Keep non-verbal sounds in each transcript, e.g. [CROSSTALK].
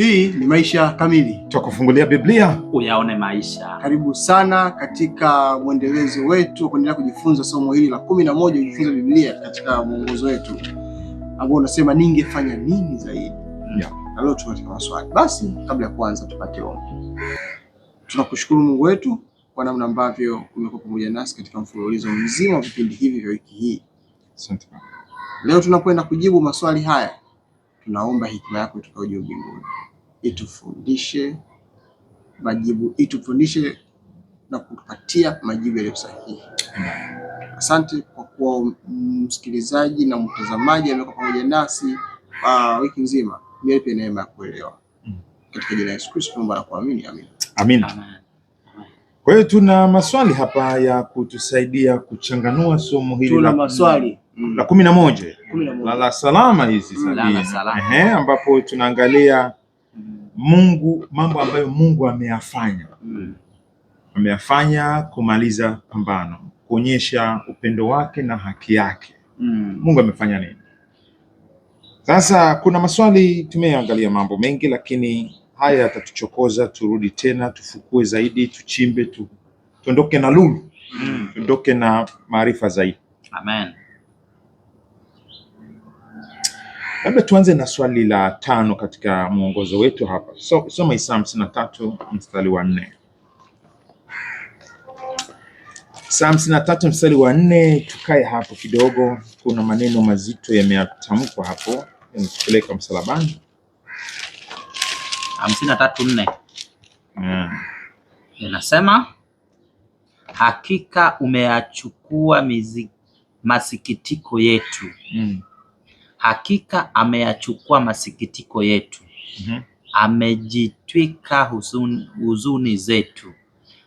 Hii ni Maisha Kamili, tukufungulia Biblia uyaone maisha. Karibu sana katika mwendelezo wetu wa kuendelea kujifunza somo hili la kumi na moja kujifunza Biblia katika mwongozo wetu ambao unasema ningefanya nini zaidi, mm. yeah. Na leo tuko katika maswali. Basi kabla ya kuanza, tupate ombi. Tunakushukuru Mungu wetu kwa namna ambavyo umekuwa pamoja nasi katika mfululizo mzima wa vipindi hivi vya wiki hii. Asante. Leo tunakwenda kujibu maswali haya, tunaomba hikima yako itokayo juu mbinguni itufundishe majibu, itufundishe na kutupatia majibu yaliyo sahihi. Asante kwa kuwa msikilizaji na mtazamaji amekuwa pamoja nasi uh, wiki nzima. Mimi pia neema ya kuelewa mm. katika jina la Yesu Kristo tunaomba na kuamini, amina. Amina. Kwa hiyo tuna maswali hapa ya kutusaidia kuchanganua somo hili tuna la maswali la kumi na moja la salama hizi sabini, mm, ambapo tunaangalia Mungu, mambo ambayo Mungu ameyafanya mm. ameyafanya kumaliza pambano, kuonyesha upendo wake na haki yake mm. Mungu amefanya nini? Sasa kuna maswali, tumeangalia mambo mengi, lakini haya yatatuchokoza. Turudi tena, tufukue zaidi, tuchimbe tu, tuondoke na lulu mm. tuondoke na maarifa zaidi Amen. Labda tuanze na swali la tano katika mwongozo wetu hapa. So, soma Isaya hamsini na tatu mstari wa nne. Isaya hamsini na tatu mstari wa nne. Tukae hapo kidogo, kuna maneno mazito yameatamkwa hapo, yanatupeleka msalabani. hamsini na tatu nne inasema hakika umeyachukua masikitiko yetu mm. Hakika ameyachukua masikitiko yetu, mm -hmm. Amejitwika huzuni, huzuni zetu,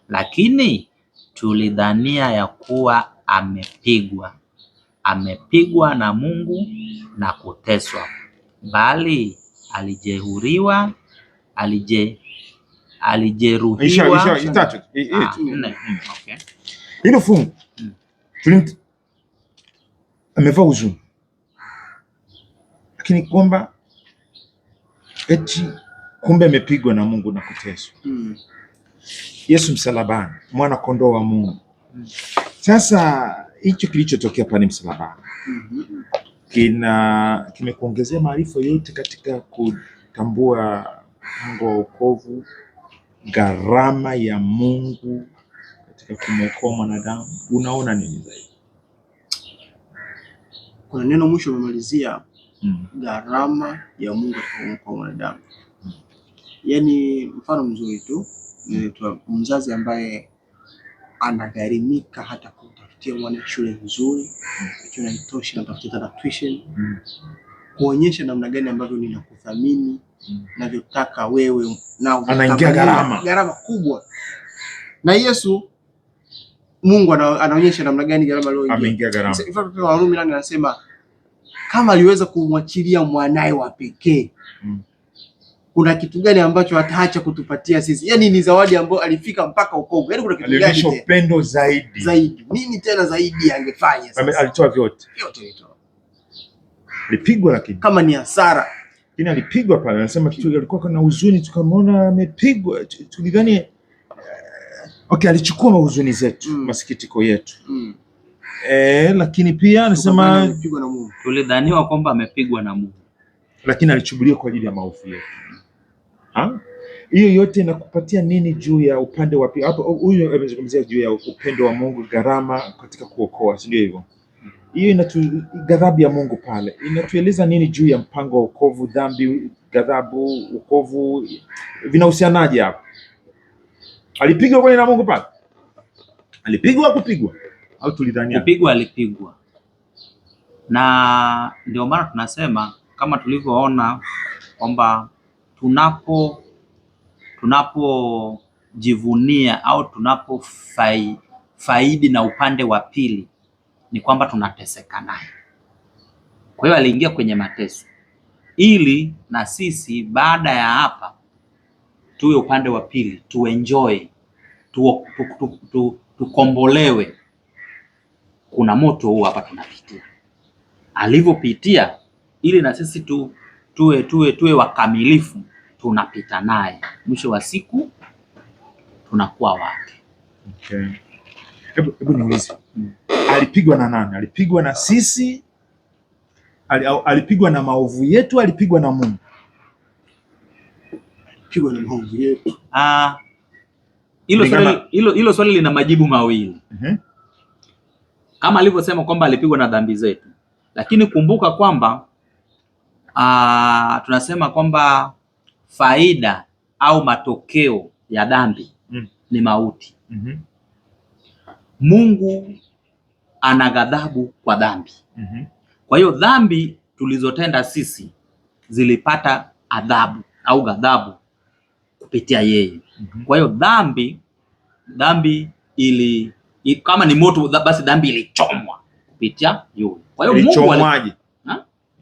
lakini tulidhania ya kuwa amepigwa, amepigwa na Mungu na kuteswa, bali alijeruhiwa, alije alijeruhiwa. Ah, mm, Hilo fungu mm. amevaa huzuni lakini kwamba eti kumbe amepigwa na Mungu na kuteswa mm. Yesu msalabani, mwana kondoo wa Mungu mm. Sasa hicho kilichotokea pale msalabani mm -hmm. kina kimekuongezea maarifa yote katika kutambua mpango wa wokovu, gharama ya Mungu katika kumwokoa mwanadamu. Unaona nini zaidi? Kuna neno mwisho umemalizia gharama ya Mungu kwa mwanadamu. Yaani mfano mzuri tu nilitoa mzazi ambaye anagharimika hata kutafutia mwana shule nzuri, ikiwa haitoshi anatafutia hata tuition, kuonyesha namna gani ambavyo ninakuthamini navyotaka wewe, na anaingia gharama gharama kubwa. Na Yesu Mungu anaonyesha namna gani gharama aliyoingia. Warumi nane anasema kama aliweza kumwachilia mwanaye wa pekee mm. kuna kitu gani ambacho ataacha kutupatia sisi? Yani ni zawadi ambayo alifika mpaka uko, yani kuna kitu gani upendo zaidi zaidi, nini tena zaidi angefanya sasa? Alitoa vyote vyote, alitoa alipigwa, lakini kama ni hasara lakini alipigwa pale, anasema kitu alikuwa na huzuni, tukamwona amepigwa, tulidhani eh, okay, alichukua huzuni zetu mm. masikitiko yetu mm eh, lakini pia anasema tulidhaniwa kwamba amepigwa na Mungu, lakini alichubuliwa kwa ajili ya maovu yetu. Hiyo yote inakupatia nini juu ya upande wa pili? Hapo huyu amezungumzia juu ya upendo wa Mungu, gharama katika kuokoa, sio hivyo? Hiyo inatu ghadhabu ya Mungu pale inatueleza nini juu ya mpango wa wokovu? Dhambi, ghadhabu, wokovu vinahusianaje hapo? Alipigwa nini na Mungu pale? Alipigwa kupigwa au tulidhania kupigwa? Alipigwa, na ndio maana tunasema kama tulivyoona kwamba tunapo tunapojivunia au tunapofaidi fai, na upande wa pili ni kwamba tunateseka naye. Kwa hiyo aliingia kwenye mateso ili na sisi baada ya hapa tuwe upande wa pili, tuenjoy tukombolewe tu, tu, tu, tu kuna moto huu hapa tunapitia. Alivyopitia ili na sisi tu tuwe tuwe tuwe wakamilifu, tunapita naye, mwisho wa siku tunakuwa wake. Okay. Hebu hebu niulize, alipigwa na nani? Alipigwa na sisi? Alipigwa na maovu yetu? Alipigwa na Mungu? Alipigwa na maovu yetu. Ah, hilo swali, hilo swali lina majibu mawili. uh mhm. -huh kama alivyosema kwamba alipigwa na dhambi zetu, lakini kumbuka kwamba aa, ah, tunasema kwamba faida au matokeo ya dhambi mm. ni mauti mm -hmm. Mungu ana ghadhabu kwa dhambi mm -hmm. Kwa hiyo dhambi tulizotenda sisi zilipata adhabu au ghadhabu kupitia yeye mm -hmm. Kwa hiyo dhambi dhambi ili kama ni moto basi dhambi ilichomwa kupitia yule. Kwa hiyo Mungu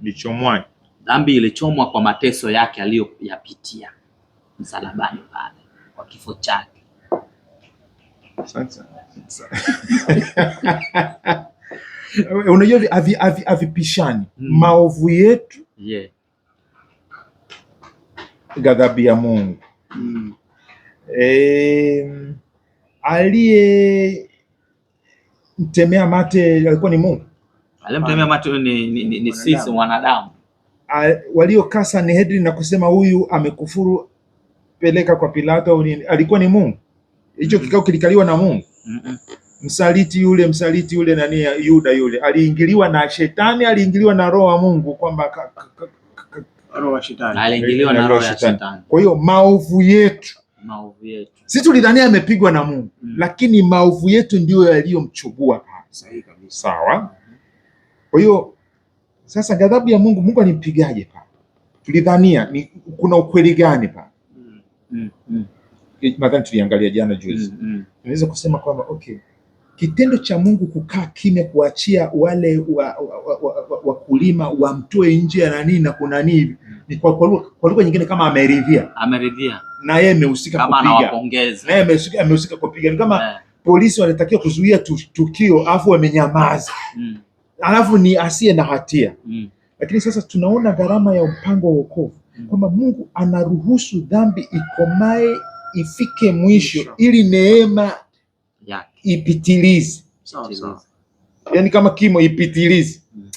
alichomwaje? Dhambi ilichomwa kwa mateso yake aliyoyapitia msalabani pale kwa kifo chake. [LAUGHS] Unajua havipishani hmm. maovu yetu, yeah. Ghadhabu ya Mungu mm. E, aliye Mtemea mate alikuwa ni Mungu? Alimtemea mate ni, ni, ni, ni sisi wanadamu. waliokaa Sanhedrini na kusema huyu amekufuru, peleka kwa Pilato, alikuwa ni Mungu? Hicho mm -hmm. kikao kilikaliwa na Mungu mm -hmm. Msaliti yule msaliti yule nani, Yuda yule aliingiliwa na shetani, aliingiliwa na roho wa Mungu kwamba roho shetani, aliingiliwa na roho ya shetani. Kwa hiyo maovu yetu maovu yetu. Sisi tulidhania amepigwa na Mungu mm. lakini maovu yetu ndiyo yaliyomchubua. Sahihi kabisa. Sawa. Kwa hiyo sasa ghadhabu ya Mungu, Mungu alimpigaje pa Tulidhania ni kuna ukweli gani pa? mm. mm. mm. E, tuliangalia jana juzi. mm. mm. Naweza kusema kwamba okay, kitendo cha Mungu kukaa kimya, kuachia wale wakulima wa, wa, wa, wa, wa wamtoe nje ya nanii na kuna nini kwa, kwa, kwa lugha nyingine kama ameridhia, ameridhia na yeye amehusika kupiga, na yeye amehusika kupiga. Ni kama yeah. Polisi walitakiwa kuzuia tukio afu wamenyamaza mm. Alafu ni asiye na hatia mm. Lakini sasa tunaona gharama ya mpango wa wokovu mm. kwamba Mungu anaruhusu dhambi ikomae ifike mwisho, Misho. ili neema yeah. ipitilize so, so. Yani kama kimo ipitilize mm.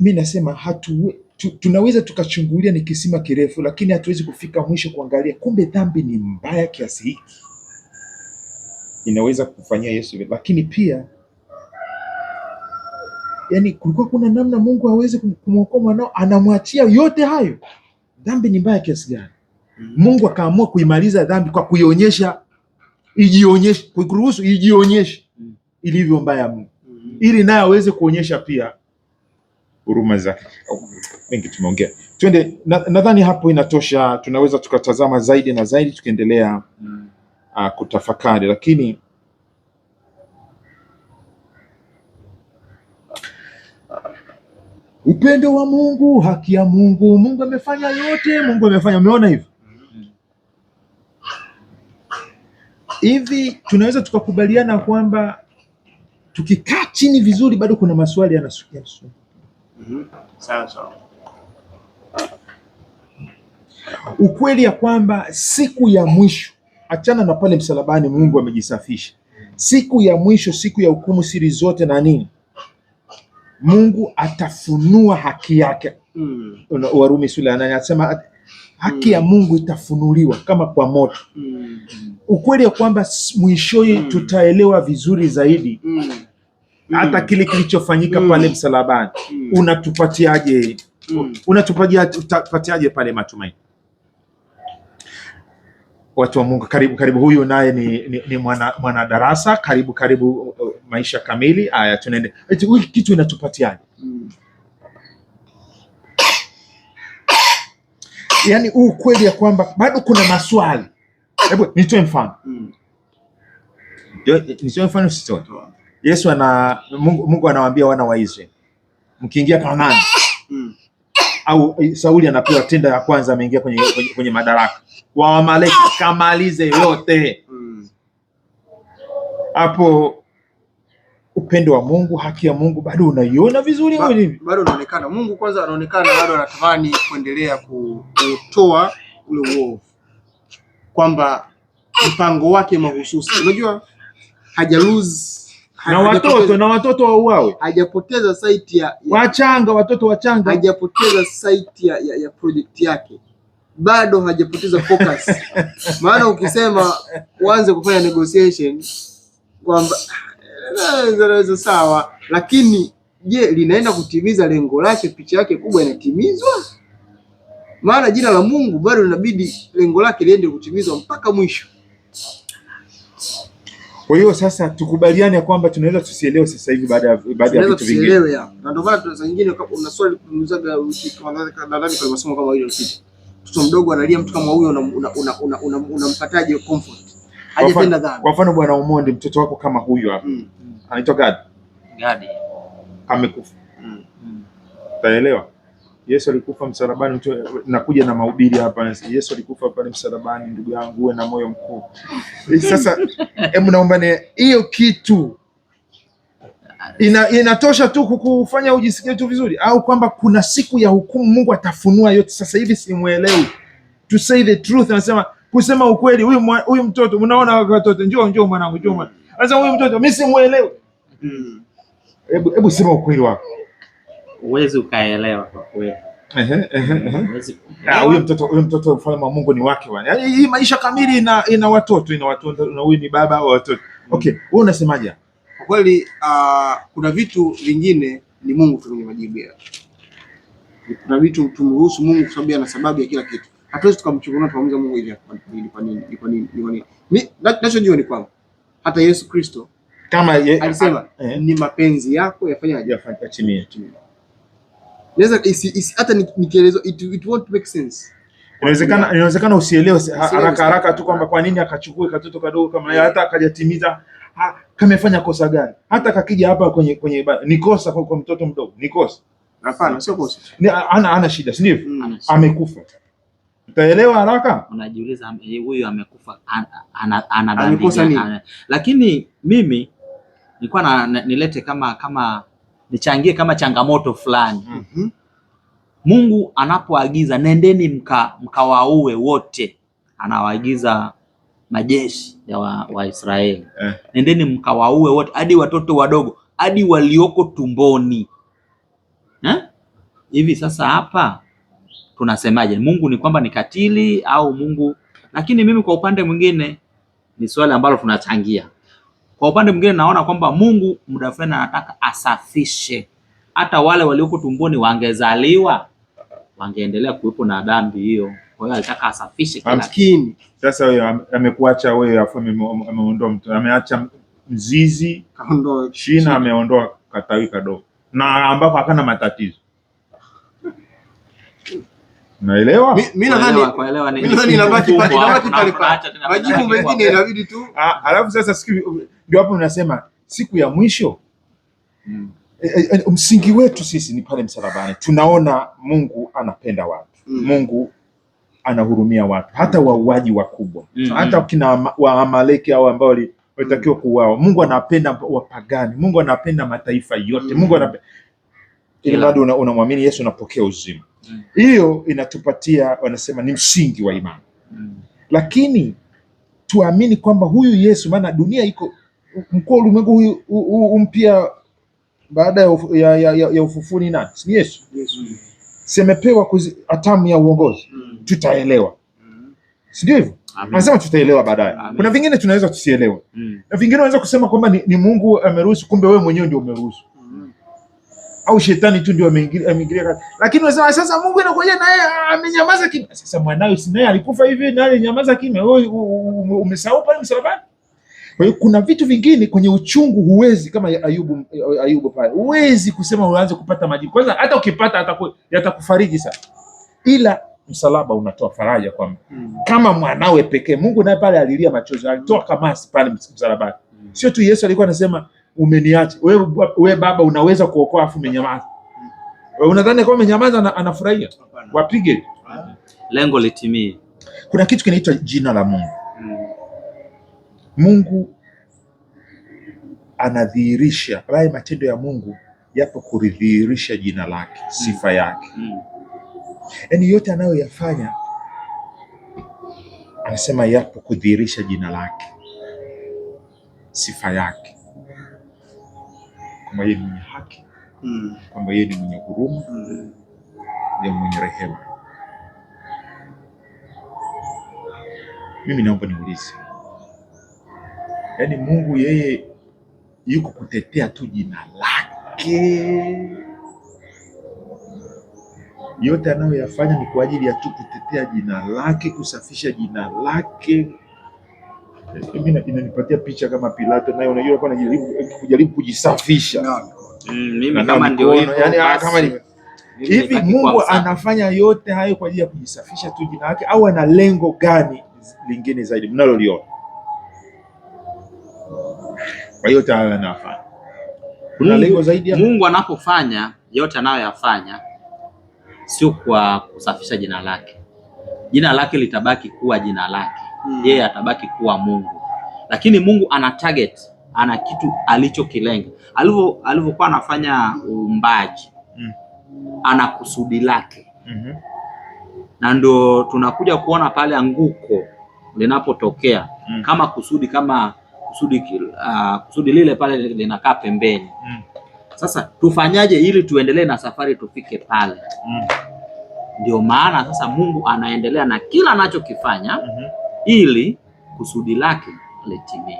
Mi nasema hatu tu, tunaweza tukachungulia ni kisima kirefu, lakini hatuwezi kufika mwisho kuangalia kumbe dhambi ni mbaya kiasi hiki inaweza kufanyia Yesu, lakini pia yani kulikuwa kuna namna Mungu hawezi kumwokoa mwanao, anamwachia yote hayo. Dhambi ni mbaya kiasi gani? Mm-hmm. Mungu akaamua kuimaliza dhambi kwa kuionyesha ijionyeshe, kuruhusu ijionyeshe mm-hmm. ilivyo mbaya Mungu, mm-hmm. ili naye aweze kuonyesha pia huruma zake. Mengi tumeongea, twende. Nadhani hapo inatosha, tunaweza tukatazama zaidi na zaidi tukiendelea mm. uh, kutafakari, lakini upendo wa Mungu, haki ya Mungu, Mungu amefanya yote, Mungu amefanya. Umeona hivyo hivi tunaweza tukakubaliana kwamba tukikaa chini vizuri, bado kuna maswali yanasukia Mhm. Sawa sawa. Ukweli ya kwamba siku ya mwisho, achana na pale msalabani, Mungu amejisafisha. Siku ya mwisho, siku ya hukumu, siri zote na nini, Mungu atafunua haki yake. Mm. Warumi sura ya nane anasema haki mm. ya Mungu itafunuliwa kama kwa moto. Mm. Ukweli ya kwamba mwishoye mm. tutaelewa vizuri zaidi mm hata mm. kile kilichofanyika mm. pale msalabani mm. unatupatiaje? Unatupatiaje pale matumaini? Watu wa Mungu, karibu karibu, huyu naye ni, ni, ni mwana, mwana darasa karibu karibu uh, uh, maisha kamili haya, tunaende kitu inatupatiaje? Yaani huu kweli ya kwamba bado kuna maswali. Hebu nitoe mfano, nitoe mfano, sitoe Yesu ana Mungu, Mungu anawaambia wana wa Israeli mkiingia Kanaani mm. au eh, Sauli anapewa tenda ya kwanza, ameingia kwenye, kwenye, kwenye madaraka wa Wamaleki, ah. kamalize yote mm. hapo mm. Upendo wa Mungu, haki ya Mungu bado unaiona vizuri ba, bado unaonekana. Mungu kwanza anaonekana bado anatamani kuendelea kutoa ule uovu, kwamba mpango wake mahususi, unajua haja lose na watoto na watoto wauawe, hajapoteza site ya, ya wachanga watoto wachanga, hajapoteza site ya, ya, ya project yake bado hajapoteza focus. [LAUGHS] Maana ukisema uanze kufanya negotiation kwamba eh, naweza sawa, lakini je, linaenda kutimiza lengo lake? Picha yake kubwa inatimizwa? Maana jina la Mungu bado linabidi lengo lake liende kutimizwa mpaka mwisho. Kwa hiyo sasa tukubaliane ya kwamba tunaweza tusielewe sasa hivi baada ya baada ya vitu vingine. Tunaweza tusielewe Na ndio maana tunaweza nyingine una swali kama kama nadhani kwa masomo kama hilo kitu. Mtoto mdogo analia mtu kama huyo unampataje comfort? Hajapenda dhambi. Kwa mfano Bwana Omondi mtoto wako kama huyo hapa. Mm. Anaitwa Gadi. Gadi. Amekufa. Taelewa? Mm. Mm. Yesu alikufa msalabani. nakuja na mahubiri hapa, Yesu alikufa pale msalabani. Ndugu yangu, uwe na moyo mkuu. Sasa hebu naomba hiyo kitu ina, inatosha tu kukufanya ujisikie tu vizuri, au kwamba kuna siku ya hukumu, Mungu atafunua yote. Sasa hivi simuelewi, to say the truth, anasema kusema ukweli, huyu huyu mtoto unaona, watoto njoo, njoo mwanangu, njoo mwanangu. huyu mtoto mimi simuelewi. Hmm. Hebu hebu sema ukweli wako huwezi ukaelewa kwa kweli. Ah, huyo mtoto huyo mtoto mfalme wa Mungu ni wake bwana. Hii maisha kamili ina ina watoto ina watoto na huyu ni baba wa watoto. Mm. Okay, wewe mm. unasemaje? Kwa kweli uh, kuna vitu vingine ni Mungu tu mwenye majibu ya. Kuna vitu tumruhusu Mungu kwa sababu ana sababu ya kila kitu. Hatuwezi tukamchukua na tukamuuliza Mungu ili kwa nini ni kwa nini ni kwa nini. Mimi ninachojua ni kwamba hata Yesu Kristo kama ye, alisema ah, eh. ni mapenzi yako yafanye ajabu atimie. Naweza hata nikielezo it, it won't make sense. Inawezekana inawezekana usielewe haraka haraka tu kwamba kwa nini akachukua katoto kadogo kama yeah. hata akajatimiza ha, kamefanya kosa gani? Hata kakija hapa kwenye kwenye ibada ni kosa kwa, kwa mtoto mdogo ni kosa? Hapana, sio kosa. Ni Ana ana shida, si ndivyo? Mm. Amekufa. Utaelewa haraka. Unajiuliza eh, huyu amekufa ana ana dhambi gani? Lakini mimi nilikuwa nilete kama kama nichangie kama changamoto fulani mm -hmm. Mungu anapoagiza nendeni mkawaue wote, anawaagiza majeshi ya Waisraeli wa eh, nendeni mkawaue wote hadi watoto wadogo hadi walioko tumboni eh? hivi sasa hapa tunasemaje? Mungu ni kwamba ni katili au Mungu? Lakini mimi kwa upande mwingine ni swali ambalo tunachangia kwa upande mwingine, naona kwamba Mungu muda fulani anataka asafishe hata wale walioko tumboni, wangezaliwa wangeendelea kuwepo na dhambi hiyo. Kwa hiyo alitaka asafishe kila mskini. Sasa wewe amekuacha wewe, afu ameondoa mtu, ameacha mzizi, kaondoa shina, ameondoa katawi kadogo, na ambapo hakana matatizo Naelewa. Mimi nadhani Majibu mengine inabidi tu. Ah, alafu sasa siku ndio hapo unasema siku ya mwisho mm. eh, eh, eh, msingi wetu sisi ni pale msalabani, tunaona Mungu anapenda watu mm. Mungu anahurumia watu hata mm. wauaji wakubwa hata kina Waamaleki au ambao walitakiwa kuuawa, Mungu anapenda wapagani, Mungu anapenda mataifa yote mm Mungu anapenda ili bado unamwamini una Yesu unapokea uzima. Mm. Hiyo mm. inatupatia wanasema ni msingi wa imani mm. lakini tuamini kwamba huyu Yesu, maana dunia iko mkuu ulimwengu huyu huu mpya baada ya, ya, ya, ya ufufuni nani? Ni Yesu, Yesu. Semepewa hatamu ya uongozi mm. tutaelewa mm. si hivyo? Anasema tutaelewa baadaye. Kuna vingine tunaweza tusielewe mm. na vingine unaweza kusema kwamba ni, ni Mungu ameruhusu, kumbe wewe mwenyewe ndio umeruhusu au shetani tu ndio ameingilia kati. Lakini unasema sasa Mungu anakuja na yeye ah, amenyamaza kimya. Sasa mwanawe si naye alikufa hivi na alinyamaza kimya. Wewe umesahau pale msalabani? Kwa hiyo kuna vitu vingine kwenye uchungu huwezi kama Ayubu, Ayubu pale. Huwezi kusema uanze kupata majibu. Kwanza hata ukipata yatakufariji sana. Ila msalaba unatoa faraja kwa mm. kama mwanawe pekee. Mungu naye pale alilia machozi, alitoa kamasi pale msalabani. Hmm. Sio tu Yesu alikuwa anasema umeniacha wewe. We baba, unaweza kuokoa afu umenyamaza. Unadhani kama umenyamaza anafurahia? Wapige lengo litimie. Kuna kitu kinaitwa jina la Mungu. Hmm. Mungu anadhihirisha haya matendo ya Mungu yapo kulidhihirisha jina lake, hmm. sifa yake. Hmm. Yaani yote anayoyafanya anasema yapo kudhihirisha jina lake, sifa yake kwamba yeye ni mwenye haki mm. kwamba yeye ni mwenye huruma mm. ni mwenye rehema. Mimi naomba niulize, yaani Mungu yeye yuko kutetea tu jina lake? Yote anayoyafanya ni kwa ajili ya tu kutetea jina lake, kusafisha jina lake mimi inanipatia picha kama Pilato naye, unajua alikuwa anajaribu kujaribu kujisafisha. Mm, mm, mimi kama ndio hivyo, yani ah, kama ni hivi, Mungu anafanya yote hayo kwa ajili ya kujisafisha tu jina lake, au ana lengo gani lingine zaidi mnaloliona? Kwa hiyo tayari anafanya kuna lengo zaidi. ya Mungu anapofanya yote anayoyafanya sio kwa kusafisha jina lake, jina lake litabaki kuwa jina lake Mm. yeye atabaki kuwa Mungu, lakini Mungu ana target, ana kitu alichokilenga alivyokuwa anafanya uumbaji mm. ana kusudi lake mm -hmm. na ndio tunakuja kuona pale anguko linapotokea mm. kama kusudi kama kusudi, uh, kusudi lile pale linakaa pembeni mm. Sasa tufanyaje ili tuendelee na safari tufike pale mm. Ndio maana sasa Mungu anaendelea na kila anachokifanya mm -hmm ili kusudi lake litimie.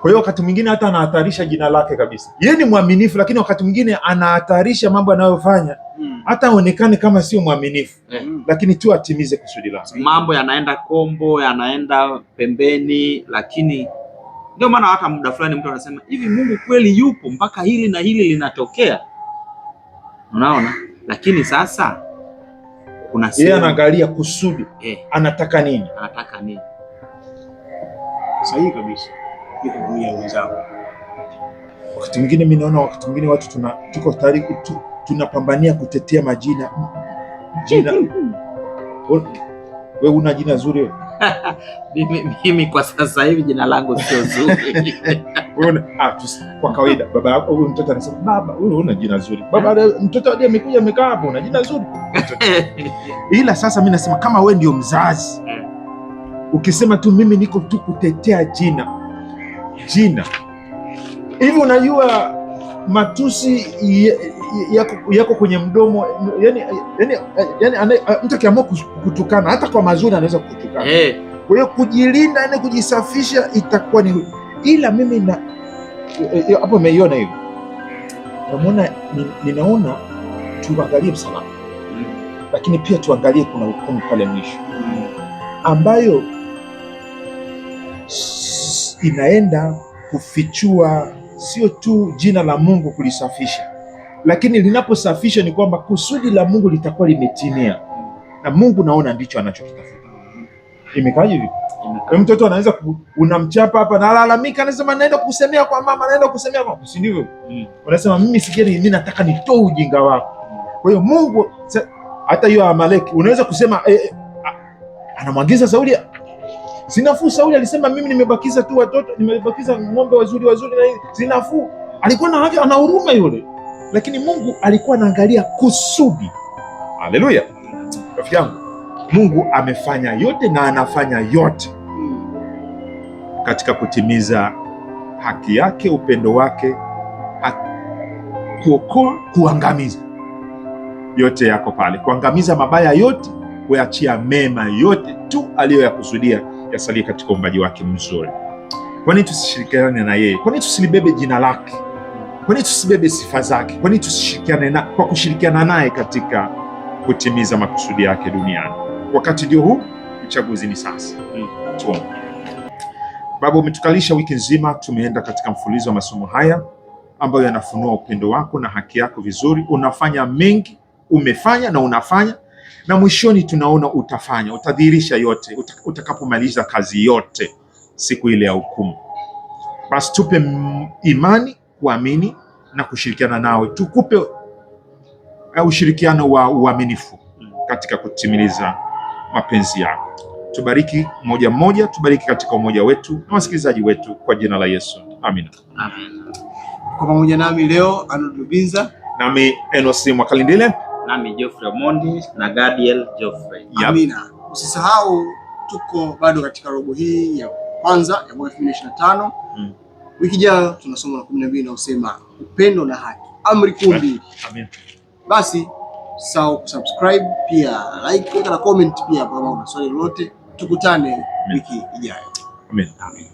Kwa hiyo wakati mwingine hata anahatarisha jina lake kabisa. Yeye ni mwaminifu, lakini wakati mwingine anahatarisha mambo anayofanya hmm. hata aonekane kama sio mwaminifu eh. hmm. lakini tu atimize kusudi lake. Mambo yanaenda kombo, yanaenda pembeni, lakini ndio maana hata muda fulani mtu anasema hivi, Mungu kweli yupo mpaka hili na hili linatokea? Unaona, lakini sasa kuna yeye anaangalia kusudi eh, anataka nini, anataka nini. Sahihi kabisa, wenzao. Wakati mwingine mimi naona wakati mwingine watu tuna, tuko tayari tu, tunapambania kutetea majina jina. [LAUGHS] Wewe una jina zuri wewe [LAUGHS] mimi, mimi kwa sasa hivi jina langu sio zuri. [LAUGHS] Ah, kwa kawaida baba yako huyu mtoto anasema baba, huyu una jina zuri baba, eh. mtoto hadi amekuja amekaa hapo una jina zuri. [LAUGHS] Ila sasa mimi nasema kama we ndio mzazi, eh. ukisema tu mimi niko tu kutetea jina jina hivi, unajua matusi ye, yako, yako kwenye mdomo yani, yani, yani, mtu akiamua kutukana hata kwa mazuri anaweza kutukana hey. Eh. Kwa hiyo kujilinda, yani kujisafisha itakuwa ni ila mimi na eh, eh, hapo umeiona hivi, namwona ninaona tuangalie msalaba mm. Lakini pia tuangalie kuna hukumu pale mwisho mm. ambayo inaenda kufichua sio tu jina la Mungu kulisafisha lakini linaposafishwa ni kwamba kusudi la Mungu litakuwa limetimia, na Mungu naona ndicho anachokitafuta. Imekaaje vipi? Kwa mtoto anaweza unamchapa hapa nalalamika, anasema naenda kusemea kwa mama, naenda kusemea kwa, si ndivyo? Mm. Unasema mimi sigeni, mimi nataka nitoe ujinga wako. Kwa hiyo Mungu hata hiyo Amaleki unaweza kusema eh, eh, anamwagiza Sauli sinafuu. Sauli alisema mimi nimebakiza tu watoto, nimebakiza ng'ombe wazuri wazuri na hizi sinafuu. Alikuwa na haki, ana huruma yule lakini Mungu alikuwa anaangalia kusudi. Haleluya, rafiki yangu, Mungu amefanya yote na anafanya yote katika kutimiza haki yake, upendo wake, kuokoa, kuangamiza. Yote yako pale, kuangamiza mabaya yote, kuachia mema yote tu aliyoyakusudia yasalie katika uumbaji wake mzuri. Kwa nini tusishirikiane na yeye? Kwa nini tusilibebe jina lake? Kwa nini tusibebe sifa zake? Kwa nini tusishirikiane na, kwa kushirikiana naye katika kutimiza makusudi yake duniani? Wakati ndio huu, uchaguzi ni sasa. Mm. Tuombe. Baba, umetukalisha wiki nzima, tumeenda katika mfululizo wa masomo haya ambayo yanafunua upendo wako na haki yako vizuri. Unafanya mengi, umefanya na unafanya na mwishoni tunaona utafanya, utadhihirisha yote utakapomaliza kazi yote siku ile ya hukumu. Basi tupe imani kuamini na kushirikiana nawe, tukupe eh, ushirikiano wa uaminifu katika kutimiliza mapenzi yako. Tubariki mmoja mmoja, tubariki katika umoja wetu na wasikilizaji wetu, kwa jina la Yesu, amina. Kwa pamoja nami leo Arnold Rubinza, nami Enos Mwakalindile, nami Geoffrey Mondi na Gadiel Geoffrey. Amina. Usisahau tuko bado katika robo hii ya kwanza ya mwaka 2025. Wiki jana tuna somo la kumi na mbili naosema upendo na haki, amri kumbi Amen. Basi sawa, subscribe pia like na comment pia, kama una swali lolote, tukutane wiki ijayo. Amen. Amen.